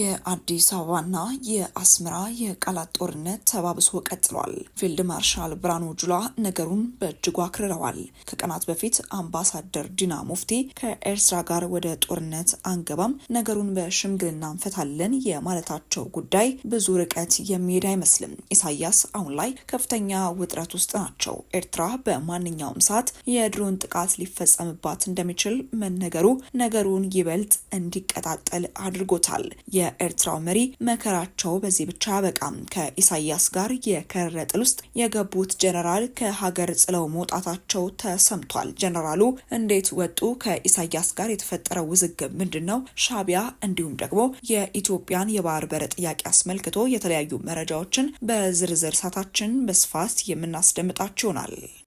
የአዲስ አበባና የአስመራ የቃላት ጦርነት ተባብሶ ቀጥሏል። ፊልድ ማርሻል ብርሃኑ ጁላ ነገሩን በእጅጉ አክርረዋል። ከቀናት በፊት አምባሳደር ዲና ሙፍቲ ከኤርትራ ጋር ወደ ጦርነት አንገባም፣ ነገሩን በሽምግልና እንፈታለን የማለታቸው ጉዳይ ብዙ ርቀት የሚሄድ አይመስልም። ኢሳያስ አሁን ላይ ከፍተኛ ውጥረት ውስጥ ናቸው። ኤርትራ በማንኛውም ሰዓት የድሮን ጥቃት ሊፈጸምባት እንደሚችል መነገሩ ነገሩን ይበልጥ እንዲቀጣጠል አድርጎታል። የኤርትራው መሪ መከራቸው በዚህ ብቻ በቃም ከኢሳያስ ጋር የከረረ ጥል ውስጥ የገቡት ጀነራል ከሀገር ጥለው መውጣታቸው ተሰምቷል። ጀነራሉ እንዴት ወጡ? ከኢሳያስ ጋር የተፈጠረው ውዝግብ ምንድን ነው? ሻቢያ እንዲሁም ደግሞ የኢትዮጵያን የባህር በር ጥያቄ አስመልክቶ የተለያዩ መረጃዎችን በዝርዝር ሳታችን በስፋት የምናስደምጣችሁ ይሆናል።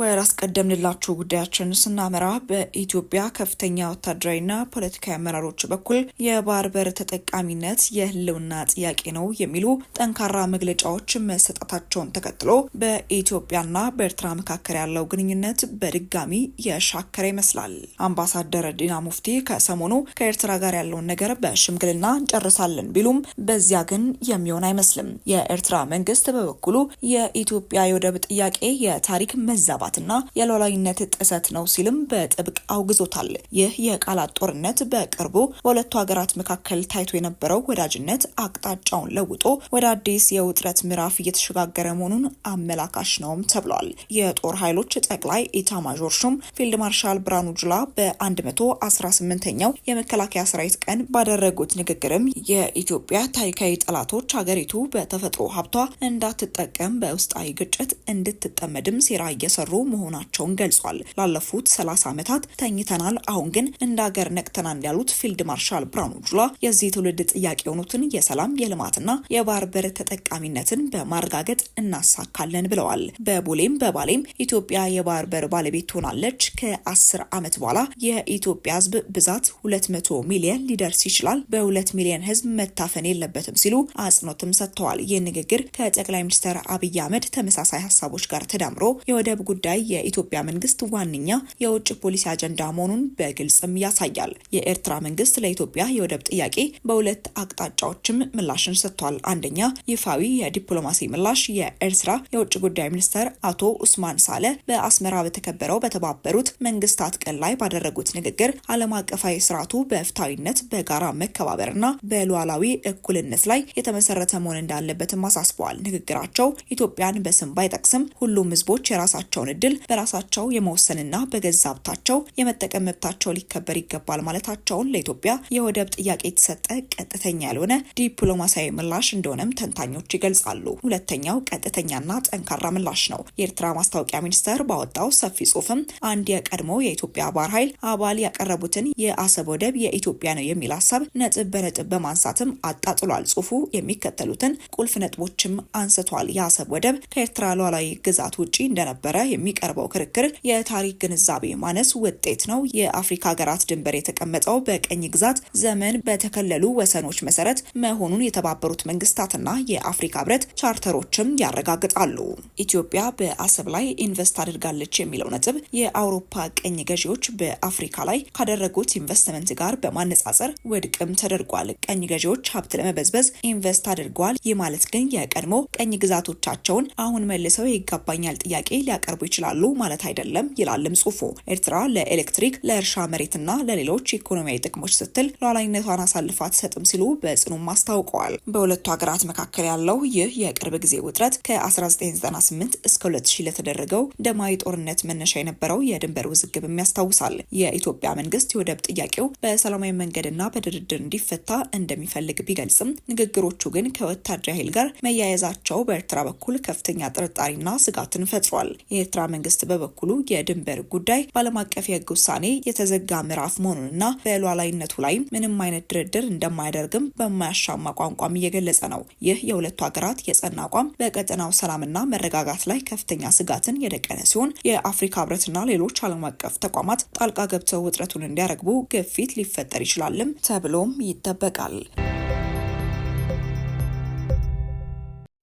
ወደ አስቀደምንላችሁ ጉዳያችን ስናመራ በኢትዮጵያ ከፍተኛ ወታደራዊና ፖለቲካዊ አመራሮች በኩል የባህር በር ተጠቃሚነት የህልውና ጥያቄ ነው የሚሉ ጠንካራ መግለጫዎች መሰጠታቸውን ተከትሎ በኢትዮጵያና በኤርትራ መካከል ያለው ግንኙነት በድጋሚ የሻከረ ይመስላል። አምባሳደር ዲና ሙፍቲ ከሰሞኑ ከኤርትራ ጋር ያለውን ነገር በሽምግልና እንጨርሳለን ቢሉም በዚያ ግን የሚሆን አይመስልም። የኤርትራ መንግስት በበኩሉ የኢትዮጵያ የወደብ ጥያቄ የታሪክ መዛባት መግባትና የሉዓላዊነት ጥሰት ነው ሲልም በጥብቅ አውግዞታል። ይህ የቃላት ጦርነት በቅርቡ በሁለቱ ሀገራት መካከል ታይቶ የነበረው ወዳጅነት አቅጣጫውን ለውጦ ወደ አዲስ የውጥረት ምዕራፍ እየተሸጋገረ መሆኑን አመላካሽ ነውም ተብሏል። የጦር ኃይሎች ጠቅላይ ማዦር ሹም ፊልድ ማርሻል ብርሃኑ ጁላ በ118ኛው የመከላከያ ሰራዊት ቀን ባደረጉት ንግግርም የኢትዮጵያ ታሪካዊ ጠላቶች ሀገሪቱ በተፈጥሮ ሀብቷ እንዳትጠቀም በውስጣዊ ግጭት እንድትጠመድም ሴራ እየሰሩ መሆናቸውን ገልጿል። ላለፉት ሰላሳ ዓመታት ተኝተናል፣ አሁን ግን እንደ ሀገር ነቅተናል ያሉት ፊልድ ማርሻል ብርሃኑ ጁላ የዚህ ትውልድ ጥያቄ የሆኑትን የሰላም የልማትና የባህር በር ተጠቃሚነትን በማረጋገጥ እናሳካለን ብለዋል። በቦሌም በባሌም ኢትዮጵያ የባህር በር ባለቤት ትሆናለች። ከአስር ዓመት በኋላ የኢትዮጵያ ሕዝብ ብዛት 200 ሚሊየን ሊደርስ ይችላል። በሁለት ሚሊየን ሕዝብ መታፈን የለበትም ሲሉ አጽንኦትም ሰጥተዋል። ይህ ንግግር ከጠቅላይ ሚኒስትር አብይ አህመድ ተመሳሳይ ሀሳቦች ጋር ተዳምሮ የወደብ ጉዳይ የኢትዮጵያ መንግስት ዋነኛ የውጭ ፖሊሲ አጀንዳ መሆኑን በግልጽም ያሳያል። የኤርትራ መንግስት ለኢትዮጵያ የወደብ ጥያቄ በሁለት አቅጣጫዎችም ምላሽን ሰጥቷል። አንደኛ ይፋዊ የዲፕሎማሲ ምላሽ የኤርትራ የውጭ ጉዳይ ሚኒስትር አቶ ኡስማን ሳለ በአስመራ በተከበረው በተባበሩት መንግስታት ቀን ላይ ባደረጉት ንግግር ዓለም አቀፋዊ ስርዓቱ በፍትሐዊነት በጋራ መከባበርና በሉዓላዊ እኩልነት ላይ የተመሰረተ መሆን እንዳለበትም አሳስበዋል። ንግግራቸው ኢትዮጵያን በስም ባይጠቅስም ሁሉም ህዝቦች የራሳቸውን ያላቸውን እድል በራሳቸው የመወሰንና በገዛ ሀብታቸው የመጠቀም መብታቸው ሊከበር ይገባል ማለታቸውን ለኢትዮጵያ የወደብ ጥያቄ የተሰጠ ቀጥተኛ ያልሆነ ዲፕሎማሲያዊ ምላሽ እንደሆነም ተንታኞች ይገልጻሉ። ሁለተኛው ቀጥተኛና ጠንካራ ምላሽ ነው። የኤርትራ ማስታወቂያ ሚኒስቴር ባወጣው ሰፊ ጽሁፍም አንድ የቀድሞ የኢትዮጵያ ባህር ኃይል አባል ያቀረቡትን የአሰብ ወደብ የኢትዮጵያ ነው የሚል ሀሳብ ነጥብ በነጥብ በማንሳትም አጣጥሏል። ጽሁፉ የሚከተሉትን ቁልፍ ነጥቦችም አንስቷል። የአሰብ ወደብ ከኤርትራ ሉዓላዊ ግዛት ውጪ እንደነበረ የሚቀርበው ክርክር የታሪክ ግንዛቤ ማነስ ውጤት ነው። የአፍሪካ ሀገራት ድንበር የተቀመጠው በቀኝ ግዛት ዘመን በተከለሉ ወሰኖች መሰረት መሆኑን የተባበሩት መንግስታትና የአፍሪካ ህብረት ቻርተሮችም ያረጋግጣሉ። ኢትዮጵያ በአሰብ ላይ ኢንቨስት አድርጋለች የሚለው ነጥብ የአውሮፓ ቀኝ ገዢዎች በአፍሪካ ላይ ካደረጉት ኢንቨስትመንት ጋር በማነጻጸር ውድቅም ተደርጓል። ቀኝ ገዢዎች ሀብት ለመበዝበዝ ኢንቨስት አድርገዋል። ይህ ማለት ግን የቀድሞ ቀኝ ግዛቶቻቸውን አሁን መልሰው ይገባኛል ጥያቄ ሊያቀርቡ ይችላሉ ማለት አይደለም ይላልም ጽሁፉ። ኤርትራ ለኤሌክትሪክ ለእርሻ መሬትና ለሌሎች ኢኮኖሚያዊ ጥቅሞች ስትል ሉዓላዊነቷን አሳልፋ አትሰጥም ሲሉ በጽኑም አስታውቀዋል። በሁለቱ ሀገራት መካከል ያለው ይህ የቅርብ ጊዜ ውጥረት ከ1998 እስከ 2000 ለተደረገው ደማዊ ጦርነት መነሻ የነበረው የድንበር ውዝግብም ያስታውሳል። የኢትዮጵያ መንግስት የወደብ ጥያቄው በሰላማዊ መንገድና በድርድር እንዲፈታ እንደሚፈልግ ቢገልጽም ንግግሮቹ ግን ከወታደራዊ ኃይል ጋር መያያዛቸው በኤርትራ በኩል ከፍተኛ ጥርጣሬና ስጋትን ፈጥሯል። የኤርትራ የኤርትራ መንግስት በበኩሉ የድንበር ጉዳይ በዓለም አቀፍ የህግ ውሳኔ የተዘጋ ምዕራፍ መሆኑንና በሉዓላዊነቱ ላይ ምንም አይነት ድርድር እንደማያደርግም በማያሻማ ቋንቋም እየገለጸ ነው። ይህ የሁለቱ ሀገራት የጸና አቋም በቀጠናው ሰላምና መረጋጋት ላይ ከፍተኛ ስጋትን የደቀነ ሲሆን የአፍሪካ ህብረትና ሌሎች ዓለም አቀፍ ተቋማት ጣልቃ ገብተው ውጥረቱን እንዲያረግቡ ግፊት ሊፈጠር ይችላልም ተብሎም ይጠበቃል።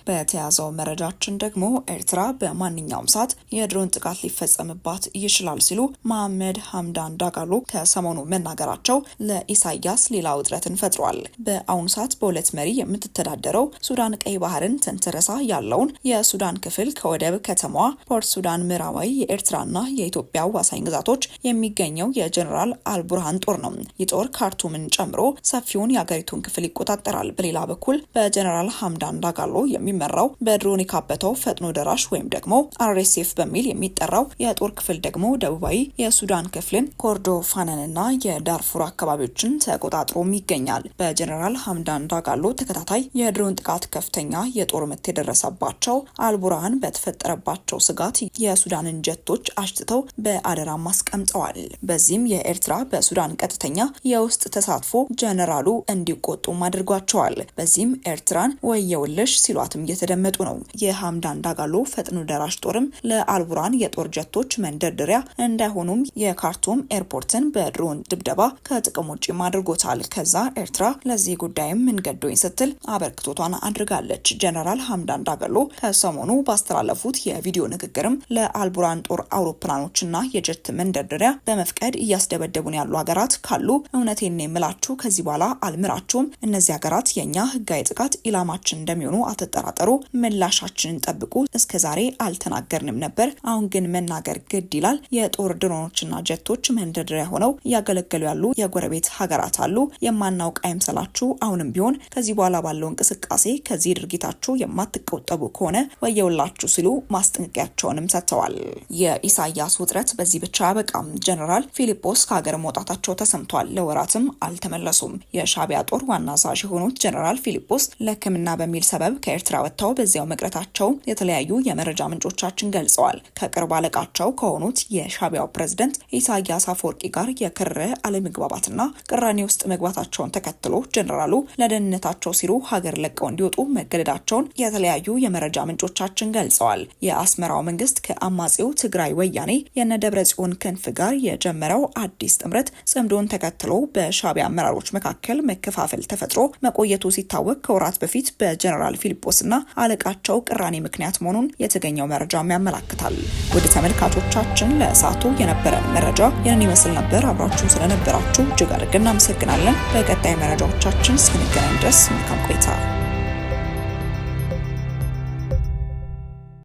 በተያዘው መረጃችን ደግሞ ኤርትራ በማንኛውም ሰዓት የድሮን ጥቃት ሊፈጸምባት ይችላል ሲሉ መሐመድ ሀምዳን ዳጋሎ ከሰሞኑ መናገራቸው ለኢሳያስ ሌላ ውጥረትን ፈጥሯል። በአሁኑ ሰዓት በሁለት መሪ የምትተዳደረው ሱዳን ቀይ ባህርን ተንተረሳ ያለውን የሱዳን ክፍል ከወደብ ከተማዋ ፖርት ሱዳን ምዕራባዊ የኤርትራና የኢትዮጵያ አዋሳኝ ግዛቶች የሚገኘው የጀኔራል አልቡርሃን ጦር ነው። ይህ ጦር ካርቱምን ጨምሮ ሰፊውን የአገሪቱን ክፍል ይቆጣጠራል። በሌላ በኩል በጀኔራል ሀምዳን ዳጋሎ የሚ የሚመራው በድሮን የካበተው ፈጥኖ ደራሽ ወይም ደግሞ አርኤስኤፍ በሚል የሚጠራው የጦር ክፍል ደግሞ ደቡባዊ የሱዳን ክፍልን ኮርዶፋንንና የዳርፉር አካባቢዎችን ተቆጣጥሮም ይገኛል። በጀኔራል ሀምዳን ዳጋሎ ተከታታይ የድሮን ጥቃት ከፍተኛ የጦር ምት የደረሰባቸው አልቡርሃን በተፈጠረባቸው ስጋት የሱዳንን ጀቶች አሽትተው በአደራም አስቀምጠዋል። በዚህም የኤርትራ በሱዳን ቀጥተኛ የውስጥ ተሳትፎ ጀኔራሉ እንዲቆጡም አድርጓቸዋል። በዚህም ኤርትራን ወየውልሽ ሲሏትም እየተደመጡ ነው። የሐምዳን ዳጋሎ ፈጥኖ ደራሽ ጦርም ለአልቡራን የጦር ጀቶች መንደርደሪያ እንዳይሆኑም የካርቱም ኤርፖርትን በድሮን ድብደባ ከጥቅም ውጭም አድርጎታል። ከዛ ኤርትራ ለዚህ ጉዳይም ምንገዶኝ ስትል አበርክቶቷን አድርጋለች። ጀነራል ሐምዳን ዳጋሎ ከሰሞኑ ባስተላለፉት የቪዲዮ ንግግርም ለአልቡራን ጦር አውሮፕላኖችና የጀት መንደርደሪያ በመፍቀድ እያስደበደቡን ያሉ ሀገራት ካሉ እውነቴን የምላችሁ ከዚህ በኋላ አልምራችሁም። እነዚህ ሀገራት የእኛ ህጋዊ ጥቃት ኢላማችን እንደሚሆኑ አትጠራጠ እንዳትጠራጠሩ ምላሻችንን ጠብቁ። እስከ ዛሬ አልተናገርንም ነበር፣ አሁን ግን መናገር ግድ ይላል። የጦር ድሮኖችና ጀቶች መንደርደሪያ ሆነው እያገለገሉ ያሉ የጎረቤት ሀገራት አሉ። የማናውቅ አይምሰላችሁ። አሁንም ቢሆን ከዚህ በኋላ ባለው እንቅስቃሴ ከዚህ ድርጊታችሁ የማትቆጠቡ ከሆነ ወየውላችሁ ሲሉ ማስጠንቀቂያቸውንም ሰጥተዋል። የኢሳያስ ውጥረት በዚህ ብቻ በቃም። ጀነራል ፊሊጶስ ከሀገር መውጣታቸው ተሰምቷል። ለወራትም አልተመለሱም። የሻቢያ ጦር ዋና አዛዥ የሆኑት ጀነራል ፊሊጶስ ለሕክምና በሚል ሰበብ ከኤርትራ ወጥተው በዚያው መቅረታቸው የተለያዩ የመረጃ ምንጮቻችን ገልጸዋል። ከቅርብ አለቃቸው ከሆኑት የሻቢያው ፕሬዝደንት ኢሳያስ አፈወርቂ ጋር የክር አለመግባባትና ቅራኔ ውስጥ መግባታቸውን ተከትሎ ጀኔራሉ ለደህንነታቸው ሲሉ ሀገር ለቀው እንዲወጡ መገደዳቸውን የተለያዩ የመረጃ ምንጮቻችን ገልጸዋል። የአስመራው መንግስት ከአማጺው ትግራይ ወያኔ የነደብረ ጽዮን ክንፍ ጋር የጀመረው አዲስ ጥምረት ጽምዶን ተከትሎ በሻቢያ አመራሮች መካከል መከፋፈል ተፈጥሮ መቆየቱ ሲታወቅ ከወራት በፊት በጀኔራል ፊልጶስ መግለጽና አለቃቸው ቅራኔ ምክንያት መሆኑን የተገኘው መረጃም ያመላክታል። ወደ ተመልካቾቻችን ለእሳቱ የነበረን መረጃ ይህንን ይመስል ነበር። አብራችሁን ስለነበራችሁ እጅግ አድርገን እናመሰግናለን። በቀጣይ መረጃዎቻችን እስክንገናኝ ድረስ መልካም ቆይታ